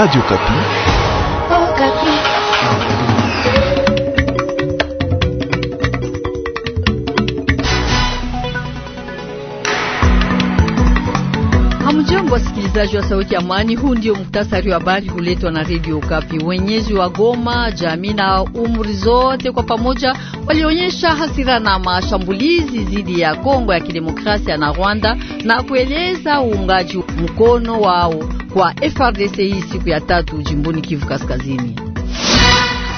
Radio Kapi. Oh, Kapi. Hamjambo wasikilizaji wa sauti ya Amani, huu ndio muktasari wa habari huletwa na Radio Kapi. Wenyeji wa Goma, jamii na umri zote kwa pamoja walionyesha hasira na mashambulizi dhidi ya Kongo ya Kidemokrasia na Rwanda na kueleza uungaji mkono wao kwa FRDC siku ya tatu jimboni Kivu Kaskazini.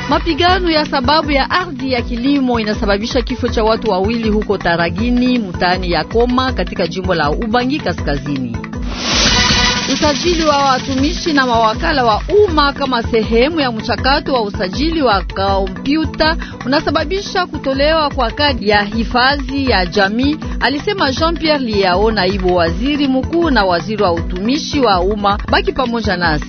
Mapigano ya sababu ya ardhi ya kilimo inasababisha kifo cha watu wawili huko Taragini mtaani ya Koma katika jimbo la Ubangi Kaskazini. Usajili wa watumishi na mawakala wa umma kama sehemu ya mchakato wa usajili wa kompyuta unasababisha kutolewa kwa kadi ya hifadhi ya jamii, alisema Jean-Pierre Liao, naibu waziri mkuu na waziri wa utumishi wa umma. Baki pamoja nasi.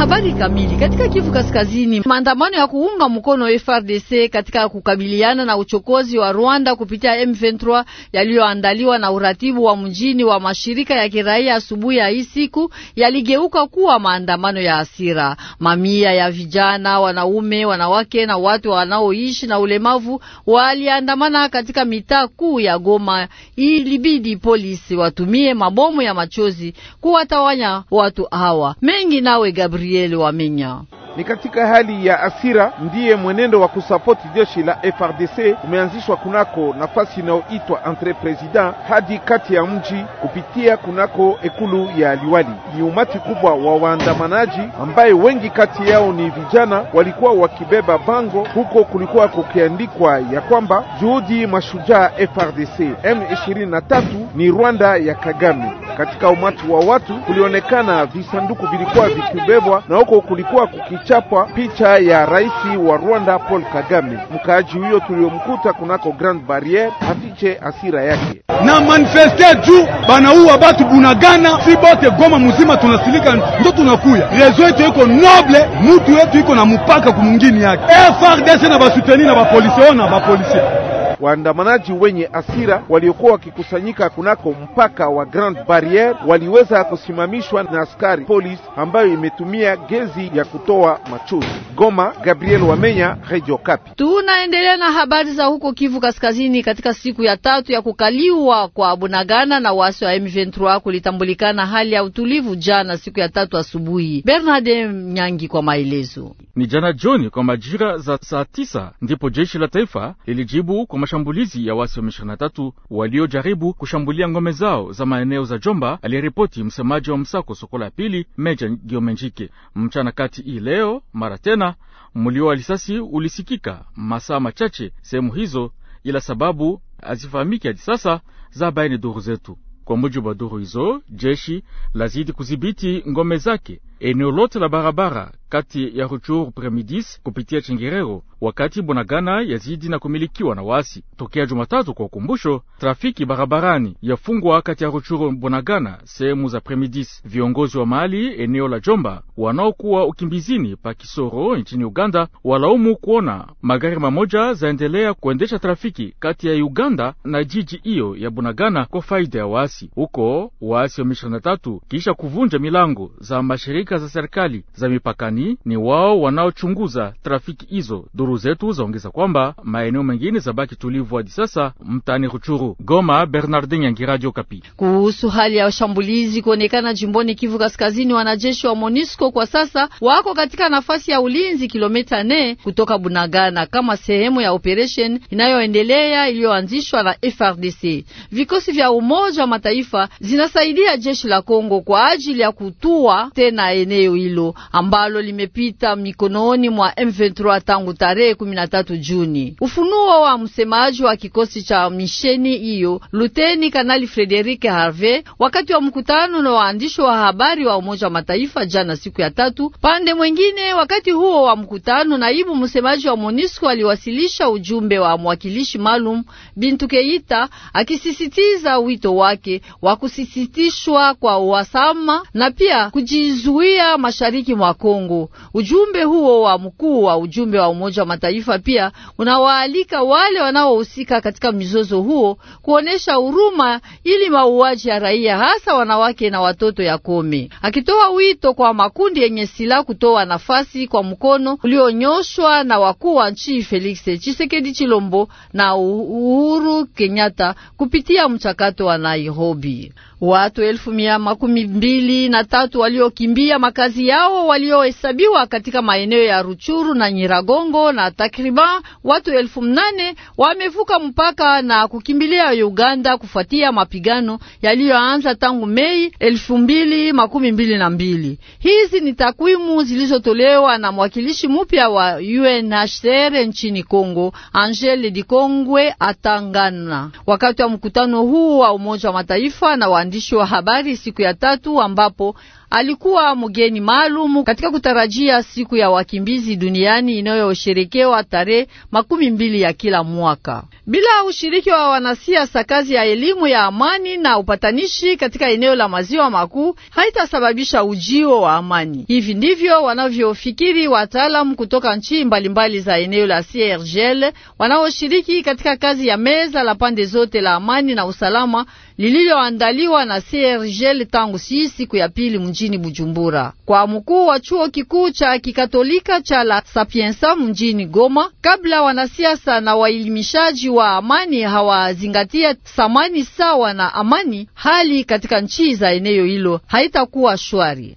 Habari kamili katika Kivu Kaskazini, maandamano ya kuunga mkono FRDC katika kukabiliana na uchokozi wa Rwanda kupitia M23 yaliyoandaliwa na uratibu wa mjini wa mashirika ya kiraia asubuhi ya hii siku yaligeuka kuwa maandamano ya hasira. Mamia ya vijana, wanaume, wanawake na watu wanaoishi na ulemavu waliandamana katika mitaa kuu ya Goma. Ilibidi polisi watumie mabomu ya machozi kuwatawanya watu hawa. Mengi nawe Gabriel Gabriel Waminya. Ni katika hali ya asira ndiye mwenendo wa kusapoti jeshi la FRDC umeanzishwa kunako nafasi inayoitwa entre president hadi kati ya mji kupitia kunako ekulu ya liwali. Ni umati kubwa wa waandamanaji ambaye wengi kati yao ni vijana, walikuwa wakibeba bango huko, kulikuwa kukiandikwa ya kwamba juhudi mashujaa FRDC M23 ni Rwanda ya Kagame katika umati wa watu kulionekana visanduku vilikuwa vikibebwa na huko kulikuwa kukichapwa picha ya rais wa Rwanda Paul Kagame. Mkaaji huyo tuliyomkuta kunako Grand Barriere afiche asira yake na manifeste juu banauwa batu Bunagana, si bote Goma muzima tunasilika, ndo tunakuya rezo yetu iko noble, mutu yetu iko na mupaka kumungini yake FRDC na basuteni na bapolisie ona bapolisie waandamanaji wenye asira waliokuwa wakikusanyika kunako mpaka wa Grand Barriere waliweza kusimamishwa na askari polisi ambayo imetumia gezi ya kutoa machozi. Goma, Gabriel Wamenya, Radio Kapi. Tunaendelea na habari za huko Kivu Kaskazini. Katika siku ya tatu ya kukaliwa kwa Bunagana na waasi wa M23 kulitambulikana hali ya utulivu jana siku ya tatu asubuhi. Bernard Nyangi kwa maelezo. Ni jana jioni kwa majira za saa tisa ndipo jeshi la taifa lilijibu kwa mashambulizi ya wasi wa M23 waliojaribu kushambulia ngome zao za maeneo za Jomba, aliripoti msemaji wa msako Sokola ya pili Meja Giomenjike. Mchana kati hii leo mara tena mlio wa lisasi ulisikika masaa machache sehemu hizo, ila sababu hazifahamiki hadi sasa za baini duru zetu. Kwa mujibu wa duru hizo, jeshi lazidi kudhibiti ngome zake eneo lote la barabara kati ya Ruchuru Premidis kupitia chengerero wakati Bunagana yazidi na kumilikiwa na wasi tokea Jumatatu. Kwa ukumbusho, trafiki barabarani yafungwa kati ya Ruchuru Bunagana sehemu za Premidis. Viongozi wa mahali eneo la Jomba wanaokuwa ukimbizini pa Kisoro nchini Uganda walaumu kuona magari mamoja zaendelea kuendesha trafiki kati ya Uganda na jiji hiyo ya Bunagana kwa faida ya wasi. Huko waasi wa M23 kisha kuvunja milango za mashirika shirika za serikali za mipakani ni wao wanaochunguza trafiki hizo. Duru zetu zaongeza kwamba maeneo mengine zabaki tulivu hadi sasa mtani Ruchuru. Goma, Bernardin Yangi, Radio Kapi. Kuhusu hali ya washambulizi kuonekana jimboni Kivu Kaskazini, wanajeshi wa MONUSCO kwa sasa wako katika nafasi ya ulinzi kilomita nne kutoka Bunagana kama sehemu ya operation inayoendelea iliyoanzishwa na FRDC. Vikosi vya Umoja wa Mataifa zinasaidia jeshi la Kongo kwa ajili ya kutua tena eneo hilo ambalo limepita mikononi mwa M23 tangu tarehe 13 Juni. Ufunuo wa msemaji wa kikosi cha misheni hiyo Luteni Kanali Frederike Harve wakati wa mkutano na waandishi wa habari wa Umoja wa Mataifa jana siku ya tatu. Pande mwengine, wakati huo wa mkutano, naibu msemaji wa MONUSCO aliwasilisha ujumbe wa mwakilishi maalum Bintu Keita akisisitiza wito wake wa kusisitishwa kwa uhasama na pia kujizuia kuzuia mashariki mwa Kongo. Ujumbe huo wa mkuu wa ujumbe wa Umoja wa Mataifa pia unawaalika wale wanaohusika katika mizozo huo kuonesha huruma ili mauaji ya raia hasa wanawake na watoto yakome, akitoa wito kwa makundi yenye silaha kutoa nafasi kwa mkono ulionyoshwa na wakuu wa nchi Felix Tshisekedi Chilombo na Uhuru Kenyatta kupitia mchakato wa Nairobi. Watu elfu mia makumi mbili na tatu waliokimbia makazi yao waliohesabiwa katika maeneo ya Ruchuru na Nyiragongo na takriban watu elfu mnane wamevuka mpaka na kukimbilia Uganda kufuatia mapigano yaliyoanza tangu Mei elfu mbili makumi mbili na mbili. Hizi ni takwimu zilizotolewa na mwakilishi mpya wa UNHCR nchini Kongo, Angele Dikongwe Atangana, wakati wa mkutano huu wa Umoja wa Mataifa na wa waandishi wa habari siku ya tatu ambapo alikuwa mgeni maalum katika kutarajia siku ya wakimbizi duniani inayosherekewa tarehe makumi mbili ya kila mwaka. Bila ushiriki wa wanasiasa, kazi ya elimu ya amani na upatanishi katika eneo la maziwa makuu haitasababisha ujio wa amani. Hivi ndivyo wanavyofikiri wataalamu kutoka nchi mbalimbali za eneo la CIRGL wanaoshiriki katika kazi ya meza la pande zote la amani na usalama lililoandaliwa na CIRGL tangu si siku ya pili mjini mjini Bujumbura. Kwa mkuu wa chuo kikuu cha kikatolika cha La Sapienza mjini Goma, kabla wanasiasa na waelimishaji wa amani hawazingatia thamani sawa na amani, hali katika nchi za eneo hilo haitakuwa shwari.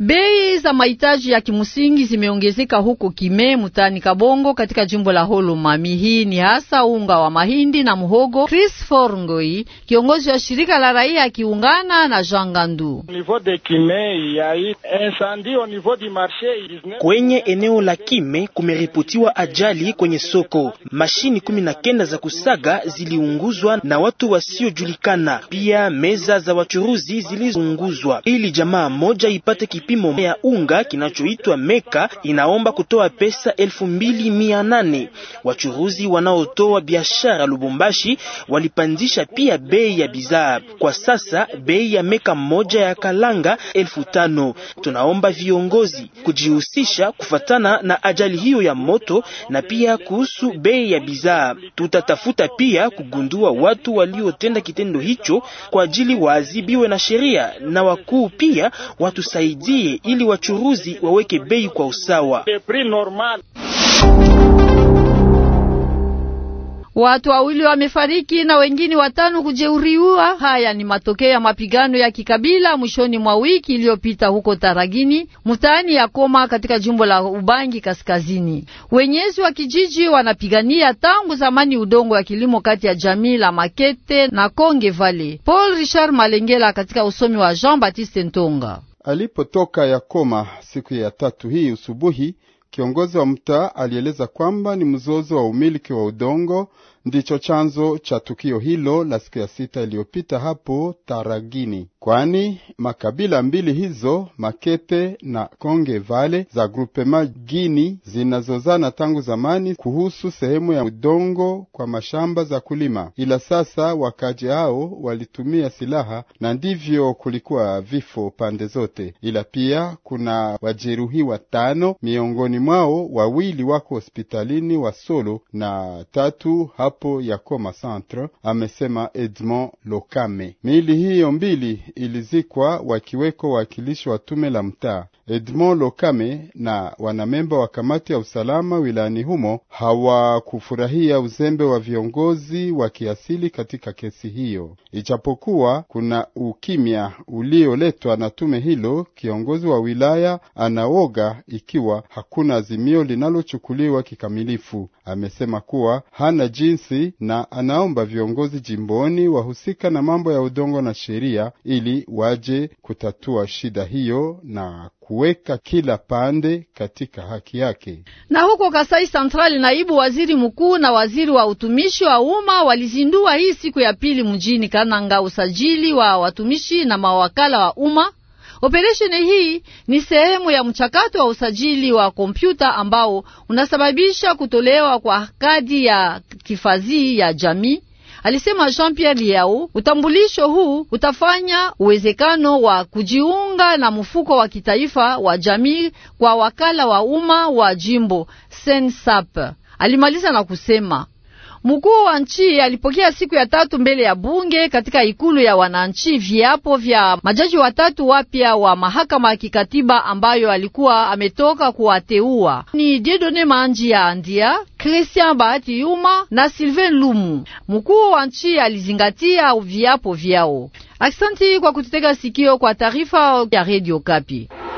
Bei za mahitaji ya kimsingi zimeongezeka huko Kime mutani Kabongo katika jimbo la Holomami. Hii ni hasa unga wa mahindi na muhogo. Chris Forngoi, kiongozi wa shirika la raia, akiungana na Jean Gandu. Kwenye eneo la Kime kumeripotiwa ajali kwenye soko, mashini kumi na kenda za kusaga ziliunguzwa na watu wasiojulikana, pia meza za wachuruzi ziliunguzwa ili jamaa moja ipate kipimo ya unga kinachoitwa Meka inaomba kutoa pesa elfu mbili mia nane. Wachuruzi wanaotoa biashara Lubumbashi walipandisha pia bei ya bidhaa. Kwa sasa bei ya Meka moja ya kalanga elfu tano. Tunaomba viongozi kujihusisha kufatana na ajali hiyo ya moto na pia kuhusu bei ya bidhaa. Tutatafuta pia kugundua watu waliotenda kitendo hicho kwa ajili waadhibiwe na sheria na wakuu pia watusaidie ili wachuruzi waweke bei kwa usawa. Watu wawili wamefariki na wengine watano kujeruhiwa. Haya ni matokeo ya mapigano ya kikabila mwishoni mwa wiki iliyopita huko Taragini, mtaani ya Koma katika jimbo la Ubangi Kaskazini. Wenyezi wa kijiji wanapigania tangu zamani udongo ya kilimo kati ya jamii la Makete na Konge Valley. Paul Richard Malengela katika usomi wa Jean Baptiste Ntonga. Alipotoka Yakoma siku ya tatu hii usubuhi, kiongozi wa mtaa alieleza kwamba ni mzozo wa umiliki wa udongo ndicho chanzo cha tukio hilo la siku ya sita iliyopita hapo Taragini, kwani makabila mbili hizo Makete na Konge Vale za grupema Gini zinazozana tangu zamani kuhusu sehemu ya udongo kwa mashamba za kulima, ila sasa wakaji hao walitumia silaha na ndivyo kulikuwa vifo pande zote, ila pia kuna wajeruhiwa tano, miongoni mwao wawili wako hospitalini wa Solo na tatu hapo ya Yakoma Centre, amesema Edmond Lokame. Miili hiyo mbili ilizikwa wakiweko wawakilishi wa tume la mtaa. Edmond Lokame na wanamemba wa kamati ya usalama wilayani humo hawakufurahia uzembe wa viongozi wa kiasili katika kesi hiyo. ichapokuwa kuna ukimya ulioletwa na tume hilo, kiongozi wa wilaya anaoga ikiwa hakuna azimio linalochukuliwa kikamilifu. Amesema kuwa hana jinsi na anaomba viongozi jimboni wahusika na mambo ya udongo na sheria ili waje kutatua shida hiyo na kuweka kila pande katika haki yake. Na huko Kasai Central, naibu waziri mkuu na waziri wa utumishi wa umma walizindua hii siku ya pili mjini Kananga usajili wa watumishi na mawakala wa umma. Operesheni hii ni sehemu ya mchakato wa usajili wa kompyuta ambao unasababisha kutolewa kwa kadi ya kifazii ya jamii alisema Jean Pierre Liao. Utambulisho huu utafanya uwezekano wa kujiunga na mfuko wa kitaifa wa jamii kwa wakala wa umma wa jimbo Sensap. Alimaliza na kusema Mkuu wa nchi alipokea siku ya tatu mbele ya bunge katika ikulu ya wananchi viapo vya majaji watatu wapya wa mahakama ya kikatiba ambayo alikuwa ametoka kuwateua ni Diedone Manji ya Andia, Christian Bahati Yuma na Sylvain Lumu. Mkuu wa nchi alizingatia viapo vyao. Aksanti kwa kututega sikio kwa taarifa ya Radio Kapi.